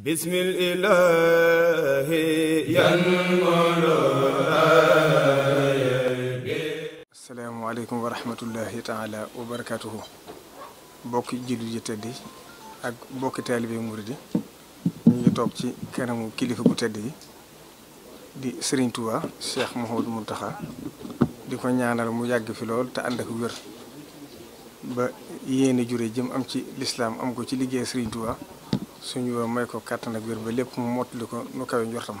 بسم الإله ينور السلام عليكم ورحمة الله تعالى وبركاته بوكي جيلو جيتدي اك بوكي طالب موردي ني توك سي كانمو كليفه بو تدي دي سيرين توا شيخ محمود منتخا ديكو نيانال مو ياغ في لول تا اندك وير با يينا جوري جيم ام الاسلام ام كو ليغي سيرين توا suñu yoon may ko kàttan ak wér ba lépp mu mottali ko nu kawe njortam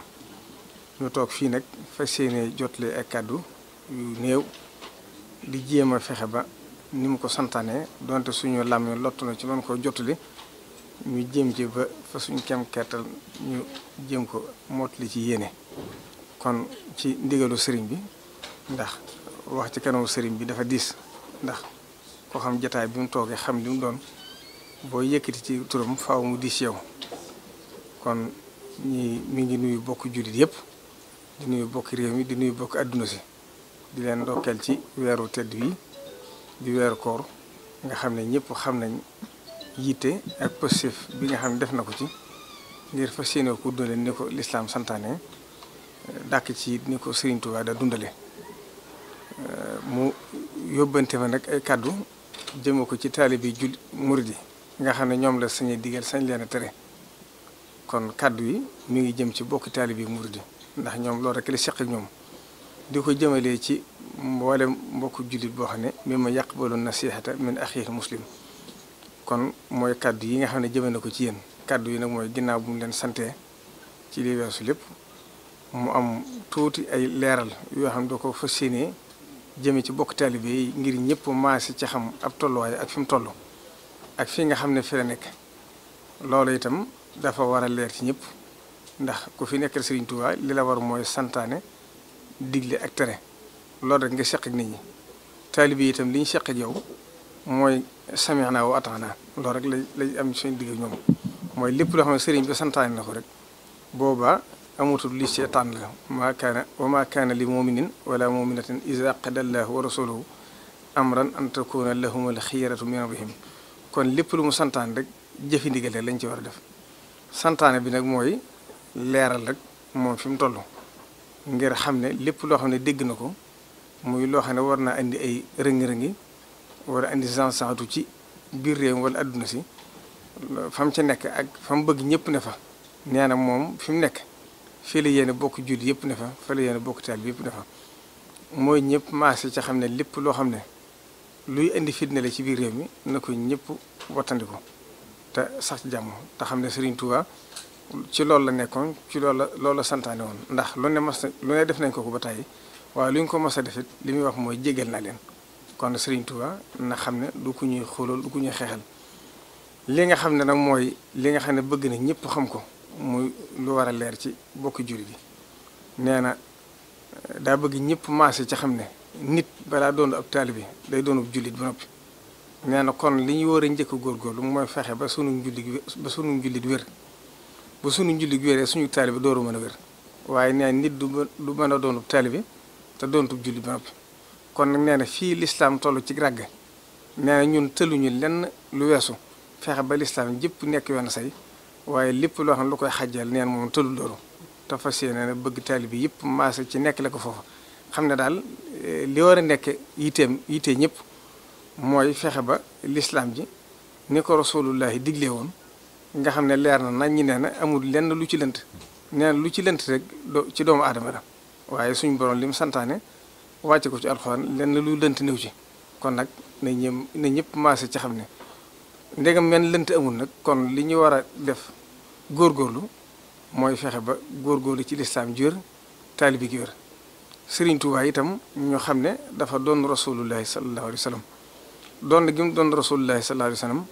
ñu toog fii nag fa yéene jotale ay kàddu yu néew di jéem a fexe ba ni mu ko santaane donte suñu làmmee lott na ci man koo jotali ñu jéem ci ba fa suñ kem kàttan ñu jéem ko mottali ci yéene kon ci ndigalu sëriñ bi ndax wax ci kanamu sëriñ bi dafa diis ndax koo xam jataay bi mu toogee xam li mu doon boo yëkkati ci turam faw mu diis yow kon ñi mi ngi nuyu bokk jullit yëpp di nuyu bokk réew mi di nuyu bokk àdduna si di leen ndokkeel ci weeru tedd wi di weeru koor nga xam ne ñëpp xam nañ yitte ak positif bi nga xam ne def na ko ci ngir fas yéene ko dundale ni ko lislaam santaane dàkk ci ni ko Sëriñ Tuubaa dundale mu yóbbante ma nag ay kàddu jëme ko ci taalibe bi jul nga xam ne ñoom la sañee digal sañ leen a tere kon kàddu yi mu ngi jëm ci bokki taalib yi murid ndax ñoom loolu rek li seq ñoom di ko jëmalee ci mboolem mbokku jullit boo xam ne mi ma yàq yaqbalu nasihata min axihi muslim kon mooy kàddu yi nga xam ne jëme na ko ci yéen kàddu yi nag mooy ginnaaw bu mu leen sante ci li weesu lépp mu am tuuti ay leeral yoo xam ne doo ko fas yéenee jëme ci bokk taalibe yi ngir ñëpp maase ci xam ab tolluwaay ak fi mu toll ak fi nga xam ne fi la nekk loolu itam dafa war a leer ci ñëpp ndax ku fi nekkal Serigne Touba li la war mooy santaane digle ak tere loolu rek nga seq ak nit ñi taalibe itam li ñu seq ak yow mooy sami'na wa ata'na loolu rek lay lañ am seen digg ñoom mooy lépp loo xam ne Serigne bi santaane na ko rek boobaa amatul li seetaan la ma kaana wa ma kaana li muminin wala muminatin iza qadallahu wa rasuluhu amran an takuna lahum al xiyaratu min amrihim kon lépp lu mu santaan rek jëfi ndigal lañ ci war a def santaane bi nag mooy leeral rek moom fi mu toll ngir xam ne lépp loo xam ne dégg na ko muy loo xam ne war naa indi ay rëngi-rëngi war a indi sensantu ci biir réew wala adduna si fam ci nekk ak fam bëgg ñëpp ne fa nee na moom fi mu nekk fii la yéen bokk julli yëpp ne fa fii la yéen bokk taal bi yëpp ne fa mooy ñëpp maase ca xam ne lépp loo xam ne luy indi fitna la ci biir réew mi na ko ñëpp wattandiku te sax ci jàmm te xam ne sëriñ Touba ci loolu la nekkoon ci lool la loolu santaane woon ndax lu ne mas lu ne def nañ ko ko ba tàyyi waaye lu ñu ko mas a defit li muy wax mooy jégal naa leen kon Serigne tuwa na xam ne du ku ñuy xoolool du ku ñuy xeexal li nga xam ne nag mooy li nga xam ne bëgg na ñëpp xam ko muy lu war a leer ci bokk juri bi nee na daa bëgg ñëpp maase ci xam ne nit balaa doon ab taalibe day doonu jullit ba noppi nee kon li ñu war a njëkk a lu mooy fexe ba sunu njullit ba sunu njullit wér ba sunu njullit wéree suñu taalibe dooru mën a wér waaye nee nit du du mën a doonub taalibe te doonutub jullit ba noppi kon nag nee na fii lislaam toll ci ràgg nee na ñun tëluñu lenn lu weesu fexe ba lislaam jëpp nekk yoon say waaye lépp loo xam ne lu koy xajjal neen moom tëlu loolu te fas yéene na bëgg taalibe yëpp maase ci nekk la ko foofa xam ne daal eh, li war a nekk yiteem yite ñëpp mooy fexe ba lislaam ji ni ko rasulullahi digle woon nga xam ne leer na nañ ñi nee na amul lenn lu ci lënt nee lu ci lënt rek ci doomu aadama la waaye suñu borom li mu santaane wàcce ko ci alxuraan lenn lu lënt néew ci kon nag na ñëm na ñëpp maase ci xam ne ndegam men lënt amul nag kon li ñu war a def góorgóorlu mooy fexe ba góor góorlu ci lislaam ji wér taalibi gi wér Serigne Touba itam ñu xam ne dafa doon rasulullahi sallallahu alayhi wa sallam doon gi mu doon rasulullahi sallallahu alayhi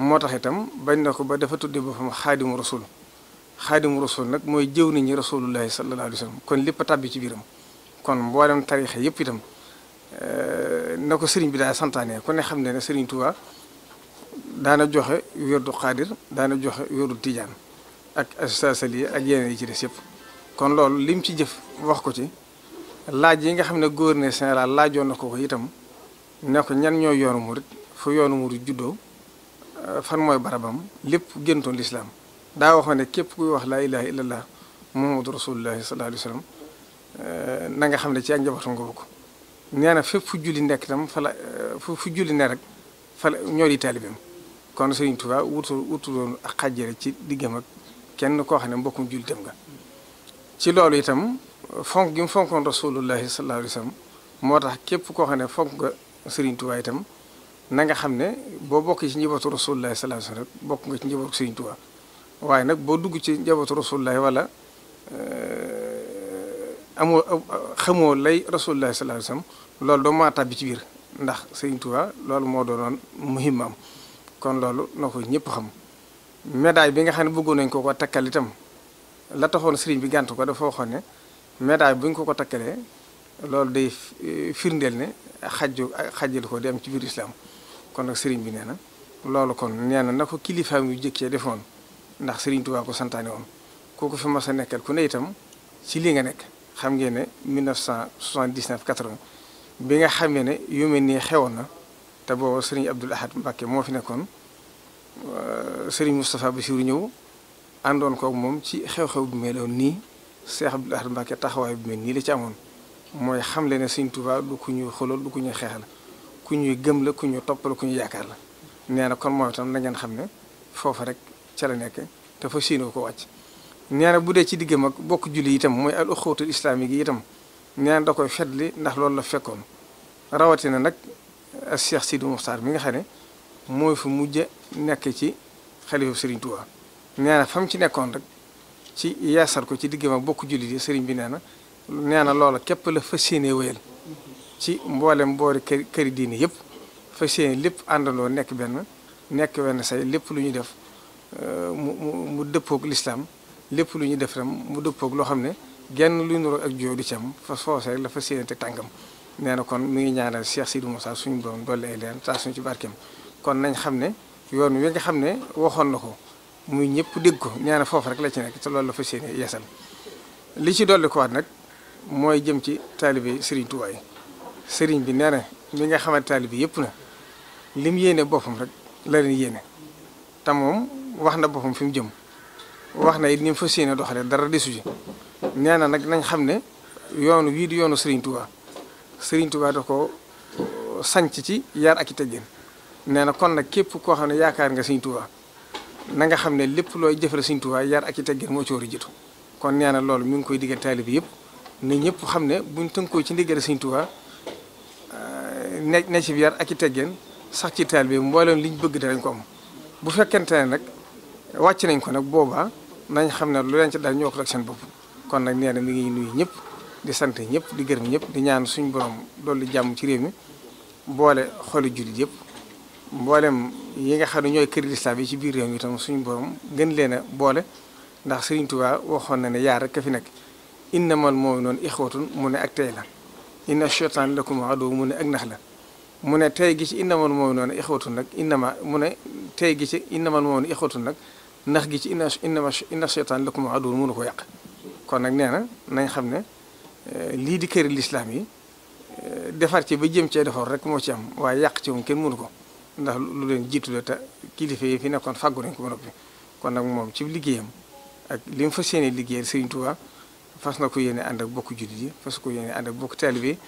wa moo tax itam bañ na ko ba dafa tudde boppam xaadimu rasul xaadimu rasul nag mooy jëw nit ñi rasulullahi sallallahu alayhi wa kon lépp tàbbi ci biiram kon mboolem tarixa yëpp itam eh, na ko sëriñ bi daa santaane ku ne xam ne ne Serigne Touba daana joxe wérdu xaadir daana joxe wérdu tijaan ak yi ak yeneen yi ci des yëpp kon loolu lim ci jëf wax ko ci. laaj yi nga xam ne gouverneur général laajoon na ko ko itam ne ko ñan ñoo yoonu murit fu yoonu murit juddoo euh, fan mooy barabam lépp géntoon lislaam daa waxoon ne képp kuy wax laa ilaha illallah muhammadu rasulullahi sallallahu alayhi wasallam euh, na nga xam ne ci ak njabootam nga bokk nee na fépp fu julli nekk itam euh, julli ne rek fala ñoo di kon Sëriñ wutu wutu doon ak xàjjale ci diggam ak kenn koo xam ne mbokkum jullitam nga ci loolu itam fonk gi mu fonkoon rasulullahi sallallahu moo tax képp koo xam ne fonk nga Serigne Touba itam na nga xam ne boo bokk ci njabootu rasulullahi sallallahu alayhi wa sallam rek bokk nga ci njabootu Serigne Touba waaye nag boo dugg ci njabootu rasulullahi wala eh, amoo xamoo lay rasulullahi sallallahu loolu doo maa tàbbi ci biir ndax Serigne Touba loolu moo doo doonoon muhimmam kon loolu na ko ñëpp xam médaille bi nga xam ne bëggoon nañ ko ko takkal itam la taxoon sëriñ bi gànt ko dafa waxoon ne. médaille bu ñu ko ko takkalee loolu day firndeel ne ak xajal ko dem ci biir islam kon nag sëriñ bi nee na loolu kon nee na na ko kilifaam yu jëkkee defoon ndax sëriñ Tuubaa ko santaane woon kooku fi mas a nekkal ku ne itam ci lii nga nekk xam ngeen ne 1979 80 bi nga xamee ne yu mel nii xewoon na te booba sëriñ Abdul Ahad Mbàkke moo fi nekkoon euh, sëriñ Moustapha Bassirou ñëw àndoon koog moom ci xew-xew bu meloon nii Cheikh Abdoul Ahad Mbacké taxawaay bu mel nii la ci amoon mooy xamle ne Sëriñ Tuubaa du ku ñuy xoolal du ku ñuy xeexal ku ñuy gëm la ku ñuy toppal ku ñuy yaakaar la nee na kon moom itam na ngeen xam ne foofa rek ca la nekk te fa siinoo ko wàcc. nee na bu dee ci diggam ak bokk julli itam mooy al uxuwatul islamique yi itam nee na da koy fetli ndax loolu la fekkoon rawatina nag ak Cheikh Sidi Mokhtar mi nga xam ne mooy fa mujj nekk ci xalifa Sëriñ Tuubaa nee na fa mu ci nekkoon rek. ci yeesal ko ci digg ak bokk jullit yi sëriñ bi nee na nee na loola képp la fas yéenee wéyal ci mboolem boori kër këri diine yëpp fas yéene lépp àndandoo nekk benn nekk wenn say lépp lu ñu def euh, mu mu mu dëppoog lépp lu ñu def tam mu dëppoog loo xam ne genn lu nuroo ak joo du ci am fa soose rek la fas yéene te tàngam nee na kon mu ngi ñaanal Cheikh Sidou Moussa suñu borom dolli ay leen saa suñu ci barkeem kon nañ xam ne yoon wi nga xam ne waxoon na ko muy ñëpp dégg ko nee foofu rek la ci nekk te loolu la fas yéene yeesal li ci dolli ko waat nag mooy jëm ci taalibe Serigne Touba sëriñ Serigne bi nee na mi nga xamante taalibe yëpp na lim yéene boppam rek la yéene te moom wax na boppam fi mu jëm wax na it ni fas yéene doxalee dara desu ji nee nag nañ xam ne yoonu wii di yoonu Serigne Touba Serigne ko sanc ci yar ak i teggin nee na kon nag képp koo xam ne yaakaar nga Serigne Touba. na nga xam ne lépp looy jëfal Sëriñ Tuubaa yar ak i teggin moo ci war a jiitu kon nee na loolu mi ngi koy digal taalibe yëpp ne ñëpp xam ne buñ tënkoo ci ndigal Sëriñ Tuubaa euh, ne ne ci yar ak i sax ci taalibe mboolem liñ bëgg danañ ko bu fekkente ne nag wàcc nañ ko nag boobaa nañ xam ne lu leen ci daal ñoo ko ak seen bopp kon nag nee na mi ngi nuyu ñëpp di sant ñëpp di gërëm ñëpp di ñaan suñu borom dolli jàmm ci réew mi mboole xooli jullit yëpp. mboolem yi nga xam ne ñooy kër lislaam yi ci biir réew mi itam suñu borom gën leen a boole ndax Sëriñ Tuubaa waxoon na ne yaar rek a fi nekk innamal mu'minuuna ixwatun mu ne ak tey la inna shaytaana lakum aduwwun mu ne ak nax la mu ne tey gi ci innamal mu'minuuna ixwatun nag innama mu ne tey gi ci innamal mu'minuuna ixwatun nag ndax gi ci inna innama inna shaytaana lakum aduwwun mënu ko yàq kon nag nee na nañ xam ne eh, lii di këri lislaam yi eh, defar ci ba jëm cee defar rek moo ci am waaye yàq ci kenn mënu ko ndax lu leen jiitu la te kilifa yi fi nekkoon fàggu nañ ko ba noppi kon nag moom ci liggéeyam ak li mu fas yéene liggéeyal Serigne Touba fas na ko yéene ànd ak bokku jullit yi fas ko yéene ànd ak bokku taalibe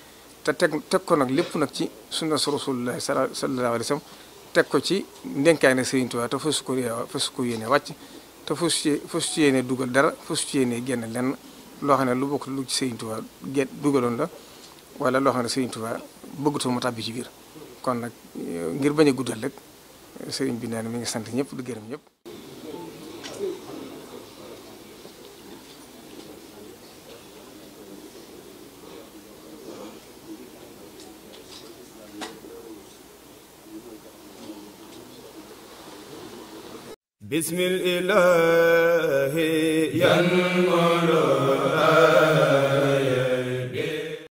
te teg teg ko nag lépp nag ci sunna rasulullah sallallahu alayhi wa sallam teg ko ci ndenkaay na Serigne te fasu ko fasu ko yéene wàcc te fasu fasu ci dugal dara fasu ci yéene génn lenn loo xam ne lu bokk lu ci Serigne Touba gé dugaloon la wala loo xam ne Serigne Touba bëggatoo mu tàbbi ci biir kon nag euh, ngir bañ guddal rek sëriñ bi nee mi ngi sant ñëpp di gërëm ñëpp. bismil ilaahi yan